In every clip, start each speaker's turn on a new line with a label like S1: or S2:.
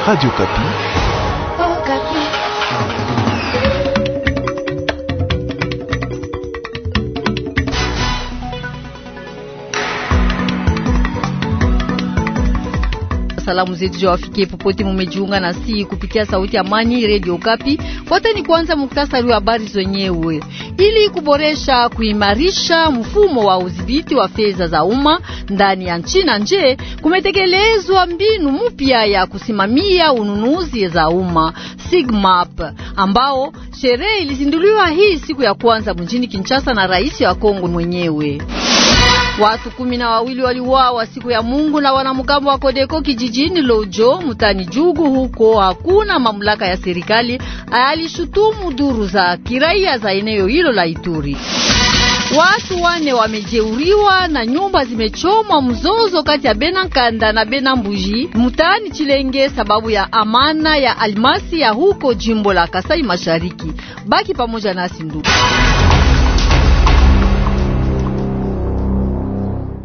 S1: Radio Kapi.
S2: Oh, Kapi. Salamu zetu zawafikie popote mumejiunga na si kupitia sauti ya amani Radio Kapi. Fuateni kwanza muktasari wa habari zenyewe ili kuboresha kuimarisha mfumo wa udhibiti wa fedha za umma ndani ya nchi na nje, kumetekelezwa mbinu mpya ya kusimamia ununuzi za umma Sigmap, ambao sherehe ilizinduliwa hii siku ya kwanza mjini Kinshasa na rais wa Kongo mwenyewe. Watu kumi na wawili waliuawa siku ya Mungu na wanamgambo wa Kodeko kijijini Lojo mutani Jugu. Huko hakuna mamlaka ya serikali, alishutumu duru za kiraia za eneo hilo la Ituri. Watu wane wamejeuriwa na nyumba zimechomwa, mzozo kati ya Bena Nkanda na Bena Mbuji mutani Chilenge sababu ya amana ya almasi ya huko jimbo la Kasai Mashariki. Baki pamoja nasi ndugu.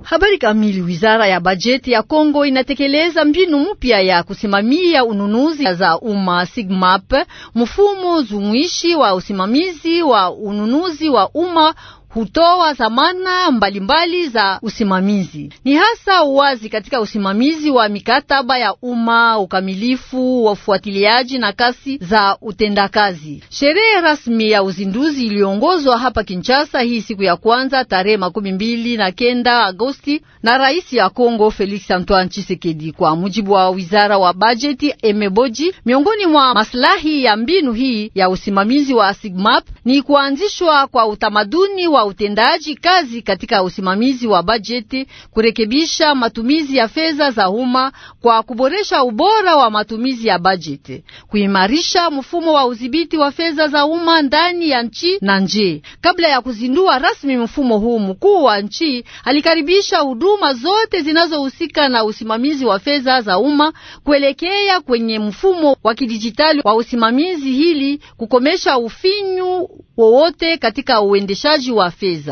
S2: Habari kamili. Wizara ya bajeti ya Kongo inatekeleza mbinu mpya ya kusimamia ununuzi za umma SIGMAP, mfumo zumuishi wa usimamizi wa ununuzi wa umma hutoa zamana mbalimbali za usimamizi. Ni hasa uwazi katika usimamizi wa mikataba ya umma, ukamilifu wa ufuatiliaji na kasi za utendakazi. Sherehe rasmi ya uzinduzi iliongozwa hapa Kinshasa hii siku ya kwanza tarehe makumi mbili na kenda Agosti na rais ya Kongo Felix Antoine Tshisekedi, kwa mujibu wa wizara wa bajeti Emeboji. Miongoni mwa maslahi ya mbinu hii ya usimamizi wa SIGMAP ni kuanzishwa kwa utamaduni wa utendaji kazi katika usimamizi wa bajeti, kurekebisha matumizi ya fedha za umma kwa kuboresha ubora wa matumizi ya bajeti, kuimarisha mfumo wa udhibiti wa fedha za umma ndani ya nchi na nje. Kabla ya kuzindua rasmi mfumo huu, mkuu wa nchi alikaribisha huduma zote zinazohusika na usimamizi wa fedha za umma kuelekea kwenye mfumo wa kidijitali wa usimamizi hili kukomesha ufinyu wowote katika uendeshaji wa fez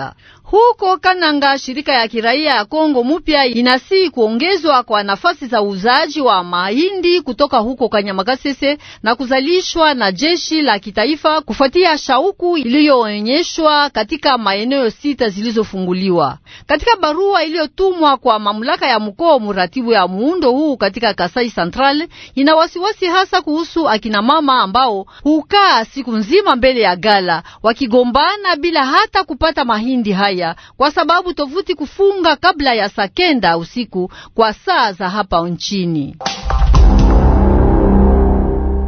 S2: Huko Kananga, shirika ya kiraia ya Kongo Mupya inasii kuongezwa kwa nafasi za uuzaji wa mahindi kutoka huko Kanyamagasese na kuzalishwa na jeshi la kitaifa kufuatia shauku iliyoonyeshwa katika maeneo sita zilizofunguliwa. Katika barua iliyotumwa kwa mamlaka ya mkoa, muratibu ya muundo huu katika Kasai Central ina wasiwasi hasa kuhusu akina mama ambao hukaa siku nzima mbele ya gala wakigombana bila hata kupata mahindi haya. Ulaya kwa sababu tovuti kufunga kabla ya saa kenda usiku kwa saa za hapa nchini.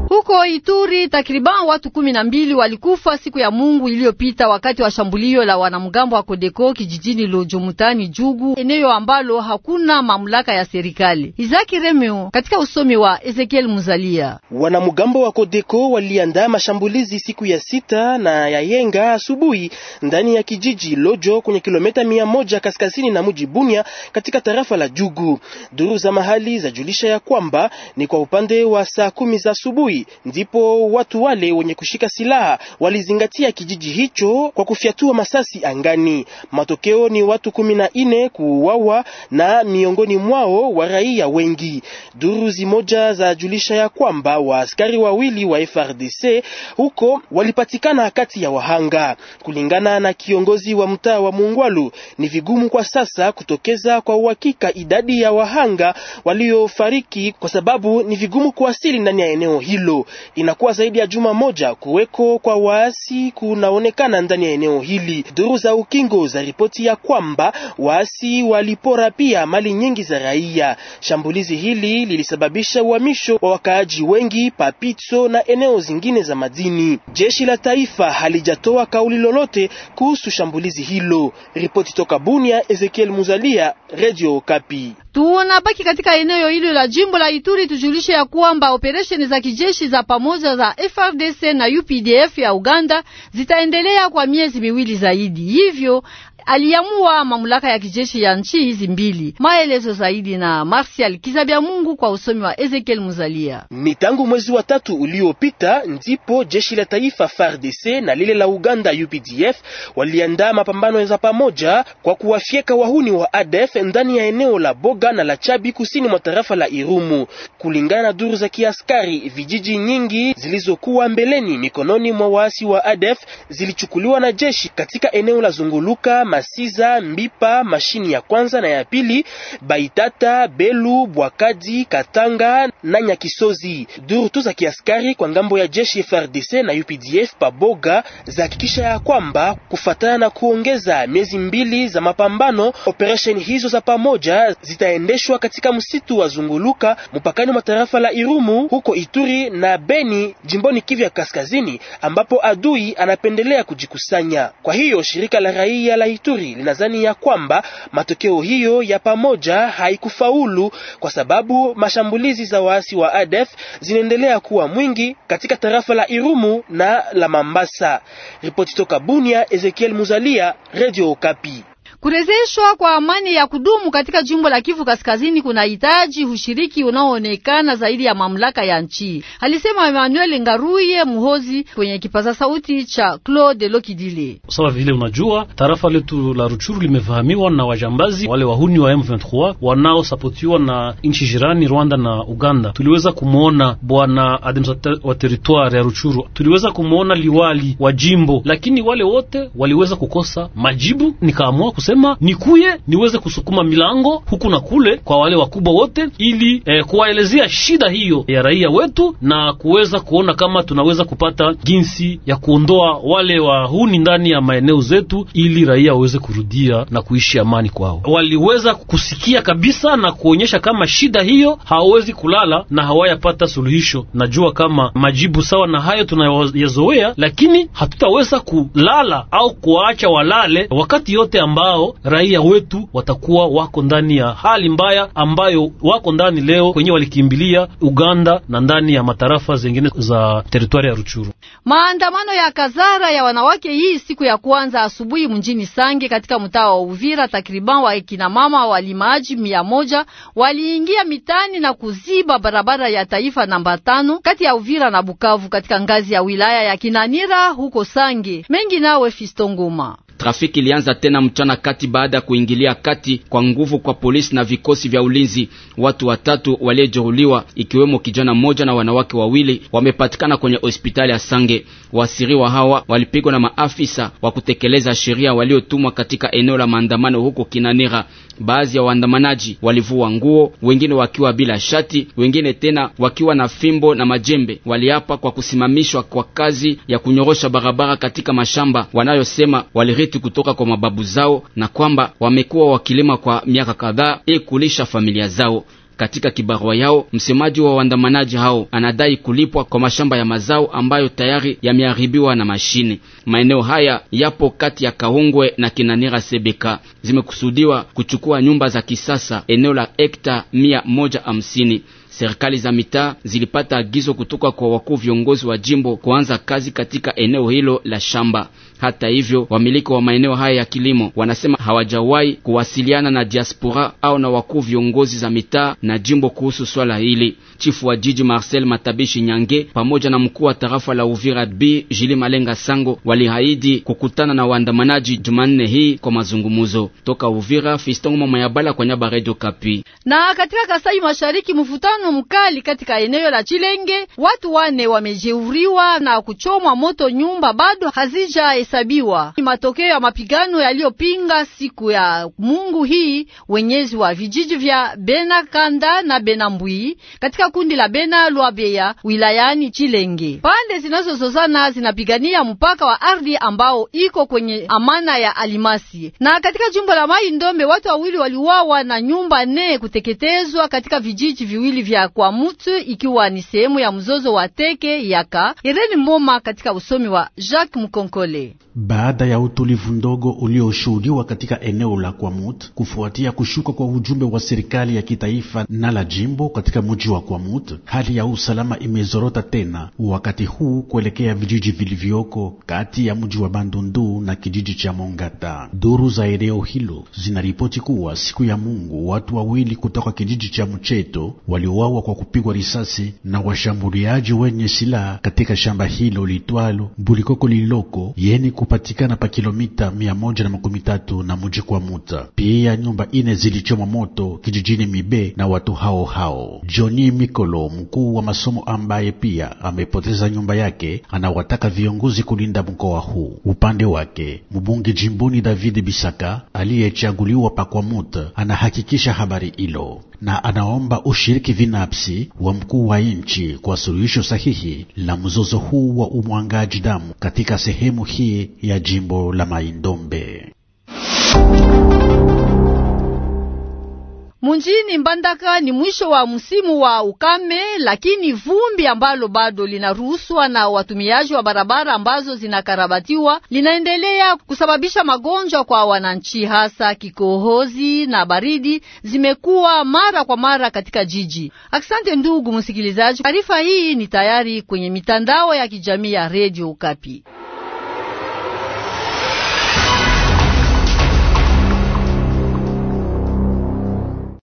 S2: Huko Ituri takriban watu kumi na mbili walikufa siku ya Mungu iliyopita wakati wa shambulio la wanamgambo wa Kodeko kijijini Lojomutani Jugu, eneo ambalo hakuna mamlaka ya serikali. Izaki Remeo katika usomi wa Ezekiel Muzalia.
S3: Wanamgambo wa Kodeko waliandaa mashambulizi siku ya sita na ya yenga asubuhi ndani ya kijiji Lojo kwenye kilomita mia moja kaskazini na mji Bunia katika tarafa la Jugu. Duru za mahali zajulisha ya kwamba ni kwa upande wa saa kumi za asubuhi asubuhi, ndipo watu wale wenye kushika silaha walizingatia kijiji hicho kwa kufyatua masasi angani. Matokeo ni watu kumi na nne kuuawa na miongoni mwao wa raia wengi. Duruzi moja julisha ya kwamba waaskari wawili wa FRDC huko walipatikana kati ya wahanga. Kulingana na kiongozi wa mtaa wa Mungwalu, ni vigumu kwa sasa kutokeza kwa uhakika idadi ya wahanga waliofariki kwa sababu ni vigumu kuasili ndani ya eneo hilo hilo. Inakuwa zaidi ya juma moja kuweko kwa waasi kunaonekana ndani ya eneo hili. Duru za ukingo za ripoti ya kwamba waasi walipora pia mali nyingi za raia. Shambulizi hili lilisababisha uhamisho wa wakaaji wengi Papitso na eneo zingine za madini. Jeshi la taifa halijatoa kauli lolote kuhusu shambulizi hilo. Ripoti toka Bunia, Ezekiel Muzalia, Radio Okapi.
S2: Tunabaki katika eneo hilo la jimbo la Ituri, tujulishe ya kwamba operesheni za kijeshi za pamoja za FRDC na UPDF ya Uganda zitaendelea kwa miezi miwili zaidi. Hivyo aliamua mamlaka ya kijeshi ya nchi hizi mbili. Maelezo zaidi na Martial Kizabia Mungu kwa usomi wa Ezekiel Muzalia.
S3: Ni tangu mwezi wa tatu uliopita ndipo jeshi la taifa FARDC na lile la Uganda UPDF waliandaa mapambano za pamoja kwa kuwafyeka wahuni wa ADF ndani ya eneo la Boga na la Chabi kusini mwa tarafa la Irumu. Kulingana na duru za kiaskari, vijiji nyingi zilizokuwa mbeleni mikononi mwa waasi wa ADF zilichukuliwa na jeshi katika eneo la Zunguluka Masiza, Mbipa, mashini ya kwanza na ya pili, Baitata, Belu, Bwakadi, Katanga na Nyakisozi. Duru tu za kiaskari kwa ngambo ya jeshi FRDC na UPDF paboga zahakikisha ya kwamba kufatana na kuongeza miezi mbili za mapambano, operesheni hizo za pamoja zitaendeshwa katika msitu wa Zunguluka mpakani mwa tarafa la Irumu huko Ituri na Beni jimboni Kivu ya Kaskazini ambapo adui anapendelea kujikusanya. Kwa hiyo shirika la raia la Ituri Ituri linazani ya kwamba matokeo hiyo ya pamoja haikufaulu kwa sababu mashambulizi za waasi wa ADF zinaendelea kuwa mwingi katika tarafa la Irumu na la Mambasa. Ripoti toka Bunia, Ezekiel Muzalia, Radio Okapi.
S2: Kurejeshwa kwa amani ya kudumu katika jimbo la Kivu Kaskazini kunahitaji ushiriki unaoonekana zaidi ya mamlaka ya nchi, alisema Emmanuel Ngaruye Muhozi kwenye kipaza sauti cha Claude Lokidile.
S4: Sawa vile unajua, tarafa letu la Ruchuru limevahamiwa na wajambazi wale wahuni wa M23 wanaosapotiwa na nchi jirani Rwanda na Uganda. Tuliweza kumwona bwana administrateur wa territoire ya Ruchuru, tuliweza kumwona liwali wa jimbo, lakini wale wote waliweza kukosa majibu, nikaamua kusema nikuye niweze kusukuma milango huku na kule kwa wale wakubwa wote, ili eh, kuwaelezea shida hiyo ya raia wetu na kuweza kuona kama tunaweza kupata jinsi ya kuondoa wale wahuni ndani ya maeneo zetu, ili raia waweze kurudia na kuishi amani kwao. Waliweza kusikia kabisa na kuonyesha kama shida hiyo hawawezi kulala na hawayapata suluhisho. Najua kama majibu sawa na hayo tunayazoea lakini hatutaweza kulala au kuwaacha walale wakati yote ambao ambao raia wetu watakuwa wako ndani ya hali mbaya ambayo wako ndani leo kwenye walikimbilia Uganda na ndani ya matarafa zengine za teritwari ya Ruchuru.
S2: Maandamano ya kazara ya wanawake hii siku ya kwanza asubuhi mjini Sange katika mtaa wa Uvira, takriban kina mama walimaji mia moja waliingia mitani na kuziba barabara ya taifa namba tano kati ya Uvira na Bukavu katika ngazi ya wilaya ya Kinanira huko Sange. Mengi nawe Fiston
S1: Trafiki ilianza tena mchana kati baada ya kuingilia kati kwa nguvu kwa polisi na vikosi vya ulinzi. Watu watatu waliojeruhiwa ikiwemo kijana mmoja na wanawake wawili wamepatikana kwenye hospitali ya Sange. Wasiriwa hawa walipigwa na maafisa wa kutekeleza sheria waliotumwa katika eneo la maandamano huko Kinanira. Baadhi ya waandamanaji walivua nguo, wengine wakiwa bila shati, wengine tena wakiwa na fimbo na majembe. Waliapa kwa kusimamishwa kwa kazi ya kunyorosha barabara katika mashamba wanayosema walirithi kutoka kwa mababu zao, na kwamba wamekuwa wakilima kwa miaka kadhaa ili kulisha familia zao. Katika kibarua yao, msemaji wa waandamanaji hao anadai kulipwa kwa mashamba ya mazao ambayo tayari yameharibiwa na mashine. Maeneo haya yapo kati ya Kahungwe na Kinanira Sebeka zimekusudiwa kuchukua nyumba za kisasa eneo la hekta mia moja hamsini. Serikali za mitaa zilipata agizo kutoka kwa wakuu viongozi wa jimbo kuanza kazi katika eneo hilo la shamba. Hata hivyo, wamiliki wa maeneo haya ya kilimo wanasema hawajawahi kuwasiliana na diaspora au na wakuu viongozi za mitaa na jimbo kuhusu swala hili. Chifu wa jiji Marcel Matabishi Nyange pamoja na mkuu wa tarafa la Uvira B Jili Malenga Sango waliahidi kukutana na waandamanaji Jumanne hii kwa mazungumzo. Toka Uvira, Fiston Mama ya Bala kwenye Radio Kapi.
S2: Na katika Kasai Mashariki, mvutano mkali katika eneo la Chilenge, watu wane wamejeuriwa na kuchomwa moto, nyumba bado hazijahesabiwa. Ni matokeo ya mapigano yaliyopinga siku ya Mungu hii wenyezi wa vijiji vya Bena Kanda na Bena Mbui katika kundi la Bena Lwabeya wilayani Chilenge. Pande zinazozozana zinapigania mpaka wa ardhi ambao iko kwenye amana ya alimasi na katika jimbo la Mai Ndombe watu wawili waliuawa na nyumba nne kuteketezwa katika vijiji viwili vya Kwamutu, ikiwa ni sehemu ya mzozo wa Teke Yaka. Ireni Mboma katika usomi wa Jacques Mkonkole.
S5: Baada ya utulivu ndogo ulioshuhudiwa katika eneo la Kwamut kufuatia kushuka kwa ujumbe wa serikali ya kitaifa na la jimbo katika mji wa Kwamut, hali ya usalama imezorota tena wakati huu kuelekea vijiji vilivyoko kati ya mji wa Bandundu na kijiji cha Mongata. Duru za eneo hilo zinaripoti kuwa siku ya Mungu watu wawili kutoka kijiji cha Mcheto waliuawa kwa kupigwa risasi na washambuliaji wenye silaha katika shamba hilo litwalo Bulikoko lililoko yeni kupatikana pa kilomita mia moja na makumi tatu na muji kwa Muta. Pia nyumba ine zilichomwa moto kijijini Mibe na watu hao hao. Johnny Mikolo, mkuu wa masomo ambaye pia amepoteza nyumba yake, anawataka viongozi kulinda mkoa huu. Upande wake mbunge jimboni David Bisaka aliyechaguliwa Pakwamut anahakikisha habari hilo na anaomba ushiriki vinapsi wa mkuu wa nchi kwa suluhisho sahihi la mzozo huu wa umwangaji damu katika sehemu hii ya jimbo la Maindombe.
S2: Munjini Mbandaka ni mwisho wa msimu wa ukame, lakini vumbi ambalo bado linaruhuswa na watumiaji wa barabara ambazo zinakarabatiwa linaendelea kusababisha magonjwa kwa wananchi, hasa kikohozi na baridi zimekuwa mara kwa mara katika jiji. aksante ndugu msikilizaji, taarifa hii ni tayari kwenye mitandao ya kijamii ya Radio ukapi